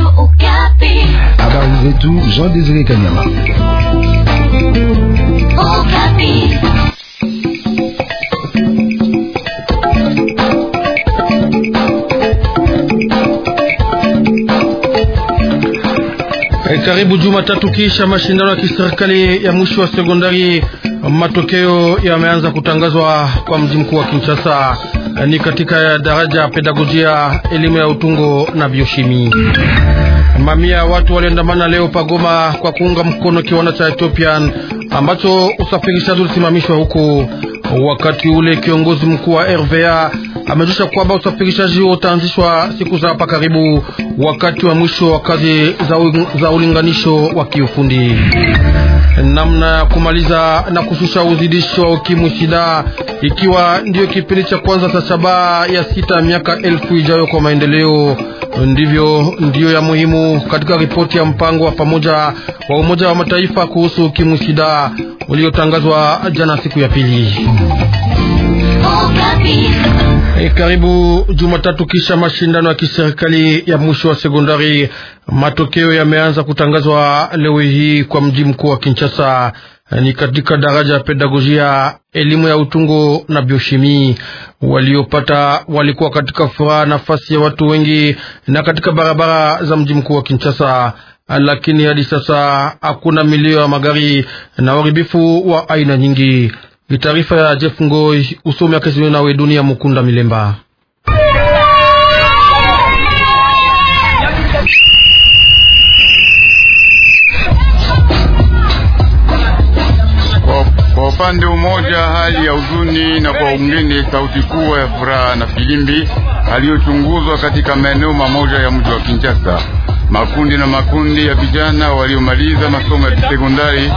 Habari zetu Jean Desire Kanyama. Okapi. Eh, karibu juma tatu kisha mashindano ya kiserikali ya mwisho wa sekondari, matokeo yameanza kutangazwa kwa mji mkuu wa Kinshasa ni katika daraja ya pedagojia, elimu ya utungo na bioshimi. Mamia ya watu waliandamana leo pagoma kwa kuunga mkono kiwanda cha Ethiopian ambacho usafirishaji ulisimamishwa huko. Wakati ule kiongozi mkuu wa RVA amejulisha kwamba usafirishaji huo utaanzishwa siku za hapa karibu, wakati wa mwisho wa kazi za, u, za ulinganisho wa kiufundi namna ya kumaliza na kushusha uzidisho wa ukimwi sida, ikiwa ndiyo kipindi cha kwanza cha shabaha ya sita miaka elfu ijayo kwa maendeleo. Ndivyo ndiyo ya muhimu katika ripoti ya mpango wa pamoja wa Umoja wa Mataifa kuhusu ukimwi sida uliotangazwa jana siku ya pili. Oh, E, karibu Jumatatu kisha mashindano ya kiserikali ya mwisho wa sekondari, matokeo yameanza kutangazwa leo hii kwa mji mkuu wa Kinshasa. Eh, ni katika daraja ya pedagojia, elimu ya utungo na bioshimi. Waliopata walikuwa katika furaha, nafasi ya watu wengi na katika barabara za mji mkuu wa Kinshasa, eh, lakini hadi sasa hakuna milio ya magari na uharibifu wa aina nyingi. Taarifa ya Jeff Ngoi usomi akesiwe nawe Dunia Mukunda Milemba. Kwa upande umoja hali ya huzuni, na kwa ungine sauti kuwa ya furaha na filimbi aliyochunguzwa katika maeneo mamoja ya mji wa Kinshasa makundi na makundi ya vijana waliomaliza masomo ya sekondari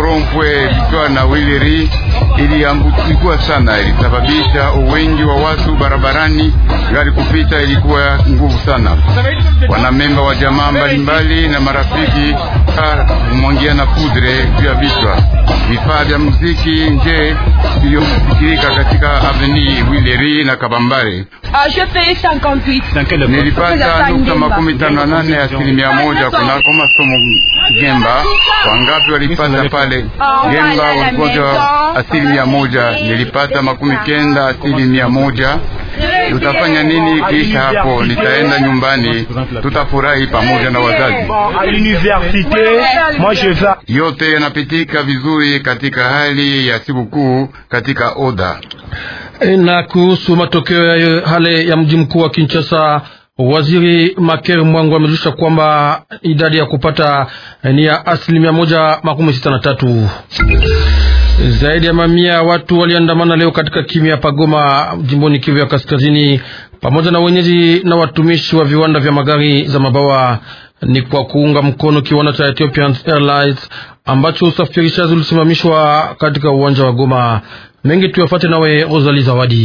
Rompwe vitwa na wiliri iliangukiwa sana, ilisababisha wengi wa watu barabarani, gari kupita ilikuwa nguvu sana. Wanamemba wa jamaa mbalimbali na marafiki kumwangia na pudre juu ya vichwa, vifaa vya muziki nje Thierry na Kabambare. Ah, nilipata nukta makumi tano na nane asilimia moja kunako masomo Gemba. Wangapi walipata pale ah, Gemba? Wagonjwa asilimia moja, nilipata makumi kenda asilimia moja. Tutafanya nini kisha hapo? Nitaenda nyumbani, tutafurahi pamoja na wazazi. Yote yanapitika vizuri katika hali ya sikukuu katika oda na kuhusu matokeo ya hale ya mji mkuu wa Kinshasa, waziri Maker Mwangu amejulisha kwamba idadi ya kupata ni ya asilimia moja makumi sita na tatu. Zaidi ya mamia ya watu waliandamana leo katika kimya Pagoma, jimboni Kivu ya Kaskazini, pamoja na wenyeji na watumishi wa viwanda vya magari za mabawa. Ni kwa kuunga mkono kiwanda cha Ethiopian Airlines ambacho usafirishaji ulisimamishwa katika uwanja wa Goma mengi tuyafate nawe Rosalie Zawadi.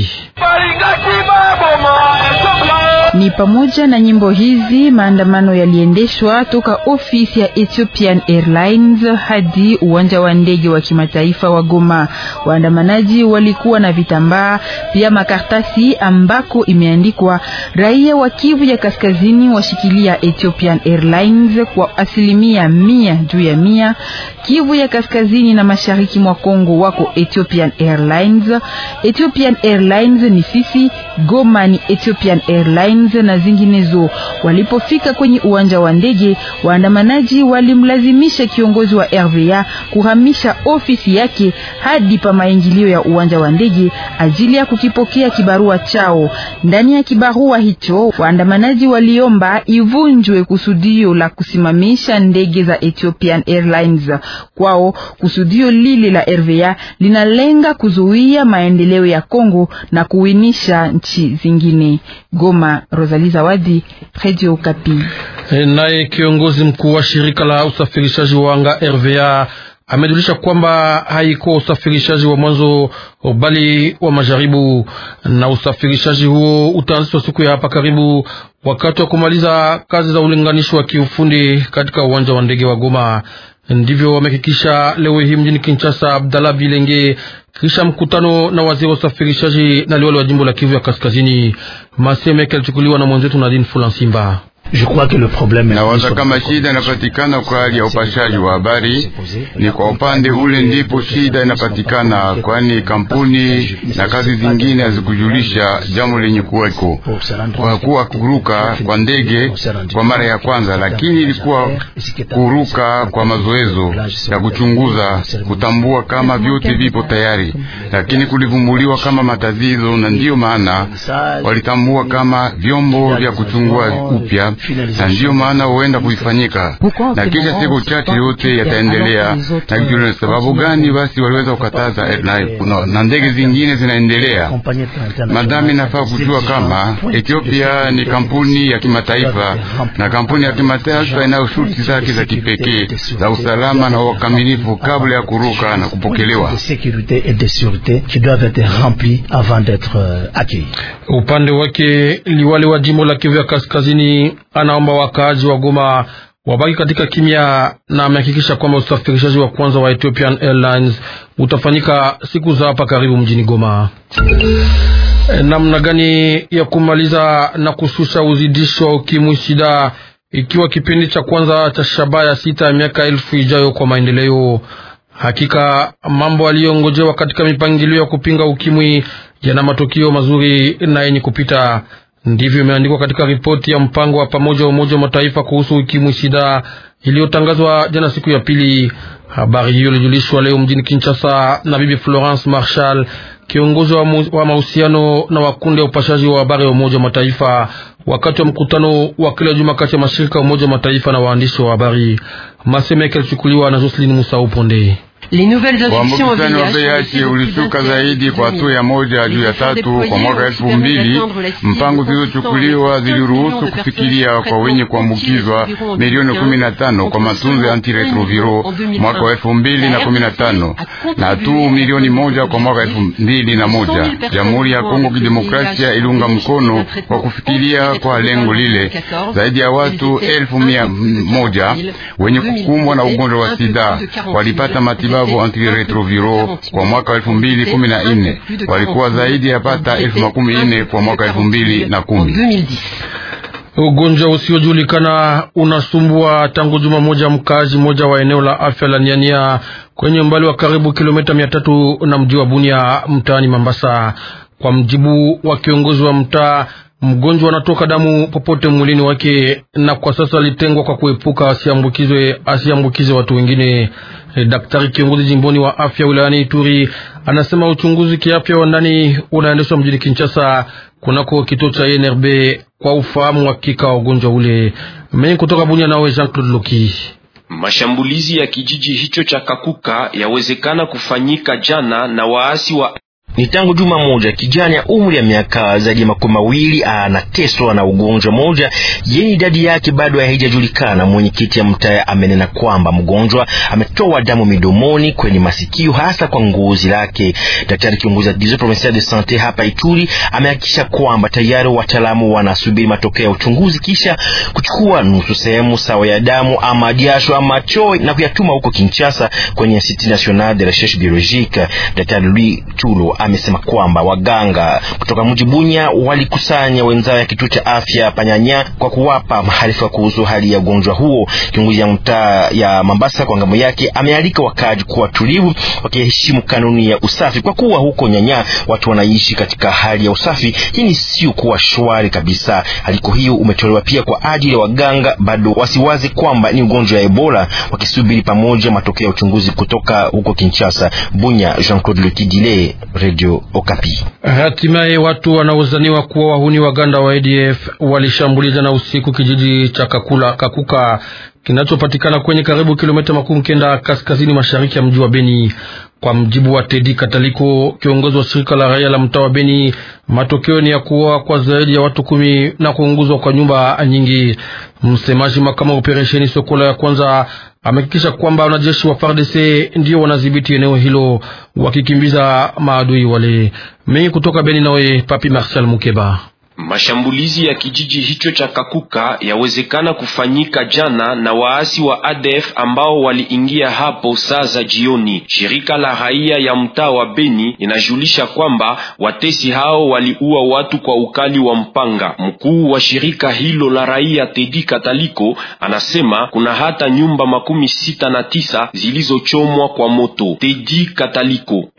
Ni pamoja na nyimbo hizi. Maandamano yaliendeshwa toka ofisi ya Ethiopian Airlines hadi uwanja wa ndege wa kimataifa wa Goma. Waandamanaji walikuwa na vitambaa pia makartasi ambako imeandikwa raia wa Kivu ya Kaskazini washikilia Ethiopian Airlines kwa asilimia mia juu ya mia. Kivu ya Kaskazini na Mashariki mwa Kongo wako Ethiopian Airlines. Ethiopian Airlines ni sisi. Goma ni Ethiopian Airlines. Airlines na zinginezo. Walipofika kwenye uwanja wa ndege, waandamanaji walimlazimisha kiongozi wa RVA kuhamisha ofisi yake hadi pa maingilio ya uwanja wa ndege ajili ya kukipokea kibarua chao. Ndani ya kibarua hicho, waandamanaji waliomba ivunjwe kusudio la kusimamisha ndege za Ethiopian Airlines. Kwao kusudio lile la RVA linalenga kuzuia maendeleo ya Kongo na kuwinisha nchi zingine. Goma, Rosalie Zawadi, Radio Okapi. E, naye kiongozi mkuu wa shirika la usafirishaji wa anga RVA amejulisha kwamba haiko usafirishaji wa mwanzo bali wa majaribu, na usafirishaji huo utaanzishwa siku ya hapa karibu, wakati wa kumaliza kazi za ulinganisho wa kiufundi katika uwanja wa ndege wa Goma. Ndivyo wamehakikisha leo hii mjini Kinshasa Abdallah Bilenge, kisha mkutano na waziri wa usafirishaji na liwali wa jimbo la Kivu ya Kaskazini. Maseme yake yalichukuliwa na mwenzetu Nadine Fulansimba. Nawaza kama shida inapatikana kwa hali ya upashaji wa habari, ni kwa upande ule ndipo shida inapatikana, kwani kampuni na kazi zingine hazikujulisha jambo lenye kuweko kwa kuwa kuruka kwa ndege kwa mara ya kwanza, lakini ilikuwa kuruka kwa mazoezo ya kuchunguza kutambua kama vyote vipo tayari, lakini kulivumbuliwa kama matatizo, na ndiyo maana walitambua kama vyombo vya kuchungua upya na ndiyo maana huenda kuifanyika na kisha siku chache yote yataendelea. Na kijulia euh, sababu gani basi waliweza kukataza na ndege zingine zinaendelea. Madami nafaa kujua kama Ethiopia ni kampuni ya kimataifa na kampuni ya kimataifa inayo shuti zake za kipekee za usalama na wakamilifu kabla ya kuruka na kupokelewa. Euh, Upande wake liwali wa jimbo la Kivu ya Kaskazini anaomba wakaaji wa Goma wabaki katika kimya na amehakikisha kwamba usafirishaji wa kwanza wa Ethiopian Airlines utafanyika siku za hapa karibu mjini Goma. Eh, namna gani ya kumaliza na kususha uzidisho wa ukimwi shida, ikiwa kipindi cha kwanza cha shabaha ya sita ya miaka elfu ijayo kwa maendeleo. Hakika mambo aliyongojewa katika mipangilio ya kupinga ukimwi yana matokeo mazuri na yenye kupita Ndivyo imeandikwa katika ripoti ya mpango wa pamoja wa Umoja wa Mataifa kuhusu ukimwi sida iliyotangazwa jana siku ya pili. Habari hiyo ilijulishwa leo mjini Kinshasa na Bibi Florence Marshall, kiongozi wa mahusiano na wakundi ya upashaji wa habari ya Umoja wa Mataifa wakati wa mkutano wa kila juma kati ya mashirika ya Umoja wa Mataifa na waandishi wa habari. Maseme yake yalichukuliwa na Jocelyn Musauponde. Uambukizani wa VIH ulishuka zaidi kwa hatua ya moja juu ya tatu kwa mwaka elfu mbili. Mpango zilizochukuliwa ziliruhusu kufikiria kwa wenye kuambukizwa milioni kumi na tano kwa matunzo ya antiretroviro mwaka wa elfu mbili na kumi na tano na tu milioni moja kwa mwaka elfu mbili na moja. Jamhuri ya Kongo Kidemokrasia iliunga mkono kwa kufikiria kwa lengo lile zaidi ya watu elfu mia moja wenye kukumbwa na ugonjwa wa sida walipata matibabu matibabu antiretroviro kwa mwaka elfu mbili kumi na nne walikuwa zaidi ya pata elfu makumi nne kwa mwaka elfu mbili na kumi. Ugonjwa usiojulikana unasumbua tangu juma moja mkazi moja wa eneo la afya la Niania kwenye umbali wa karibu kilomita mia tatu na mji wa Bunia mtaani Mambasa. Kwa mjibu wa kiongozi wa mtaa, mgonjwa anatoka damu popote mwilini wake, na kwa sasa alitengwa kwa kuepuka asiambukizwe asiambukize watu wengine. Eh, daktari kiongozi jimboni wa afya wilayani Ituri anasema uchunguzi kiafya wa ndani unaendeshwa mjini Kinshasa kunako kituo cha INRB kwa ufahamu hakika wa ugonjwa ule. Mengi kutoka Bunia, nawe Jean Claude Loki. Mashambulizi ya kijiji hicho cha Kakuka yawezekana kufanyika jana na waasi wa ni tangu juma moja kijana ya umri ya miaka zaidi ya makumi mawili anateswa na ugonjwa moja yenye idadi yake bado haijajulikana. Mwenyekiti ya mtaa amenena kwamba mgonjwa ametoa damu midomoni, kwenye masikio, hasa kwa ngozi lake. Daktari kiongozi wa division de sante hapa Ituri amehakikisha kwamba tayari wataalamu wanasubiri matokeo ya uchunguzi, kisha kuchukua nusu sehemu sawa ya damu ama jasho ama choi na kuyatuma huko Kinshasa kwenye Institut National de Recherche Biologique. Daktari Louis Tulo amesema kwamba waganga kutoka mji Bunya walikusanya wenzao ya kituo cha afya Panyanya kwa kuwapa maarifa kuhusu hali ya ugonjwa huo. Kiongozi ya mtaa ya Mambasa kwa ngambo yake amealika wakaji kuwa tulivu, wakiheshimu kanuni ya usafi, kwa kuwa huko Nyanya watu wanaishi katika hali ya usafi. Hii ni sio kuwa shwari kabisa. Aliko hiyo umetolewa pia kwa ajili ya waganga bado wasiwazi kwamba ni ugonjwa wa Ebola, wakisubiri pamoja matokeo ya uchunguzi kutoka huko Kinshasa. Bunya, Jean Claude Letidile. Radio Okapi. Hatimaye watu wanaozaniwa kuwa wahuni Waganda wa ADF walishambuliza na usiku kijiji cha Kakula Kakuka kinachopatikana kwenye karibu kilomita makumi kenda kaskazini mashariki ya mji wa Beni. Kwa mjibu wa Tedi Kataliko, kiongozi wa shirika la raia la mtaa wa Beni, matokeo ni ya kuwa kwa zaidi ya watu kumi na kuunguzwa kwa nyumba nyingi. Msemaji makama operesheni Sokola ya kwanza amehakikisha kwamba wanajeshi wa FARDC ndio wanadhibiti eneo hilo wakikimbiza maadui wale. Mengi kutoka Beni, nawe Papi Marcial Mukeba. Mashambulizi ya kijiji hicho cha Kakuka yawezekana kufanyika jana na waasi wa ADF ambao waliingia hapo saa za jioni. Shirika la raia ya mtaa wa Beni inajulisha kwamba watesi hao waliua watu kwa ukali wa mpanga. Mkuu wa shirika hilo la raia Tedi Kataliko anasema kuna hata nyumba makumi sita na tisa zilizochomwa kwa moto. Tedi Kataliko: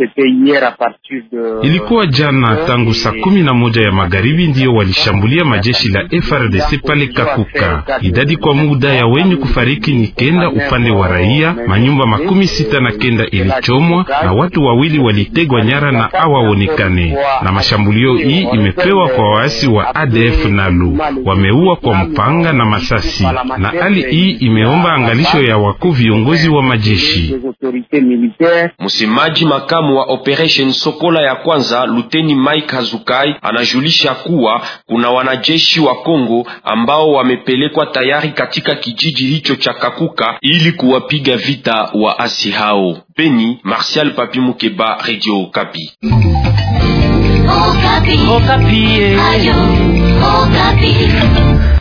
ilikuwa jana tangu saa kumi na moja ya magharibi ndio ndio walishambulia majeshi la FRDC pale Kakuka. Idadi kwa muda ya wenye kufariki ni kenda upande wa raia, manyumba makumi sita na kenda ilichomwa na watu wawili walitegwa nyara na awaonekane. Na mashambulio hii imepewa kwa waasi wa ADF NALU, wameua kwa mpanga na masasi, na hali hii imeomba angalisho ya wakuu viongozi wa majeshi. Msemaji makamu wa operation Sokola ya kwanza, Luteni Mike Hazukai anajulisha kuwa kuna wanajeshi wa Kongo ambao wamepelekwa tayari katika kijiji hicho cha Kakuka ili kuwapiga vita waasi hao. Beni, Martial Papi Mukeba, Radio Okapi. Okapi. Okapi. Eh. Ayo, Okapi.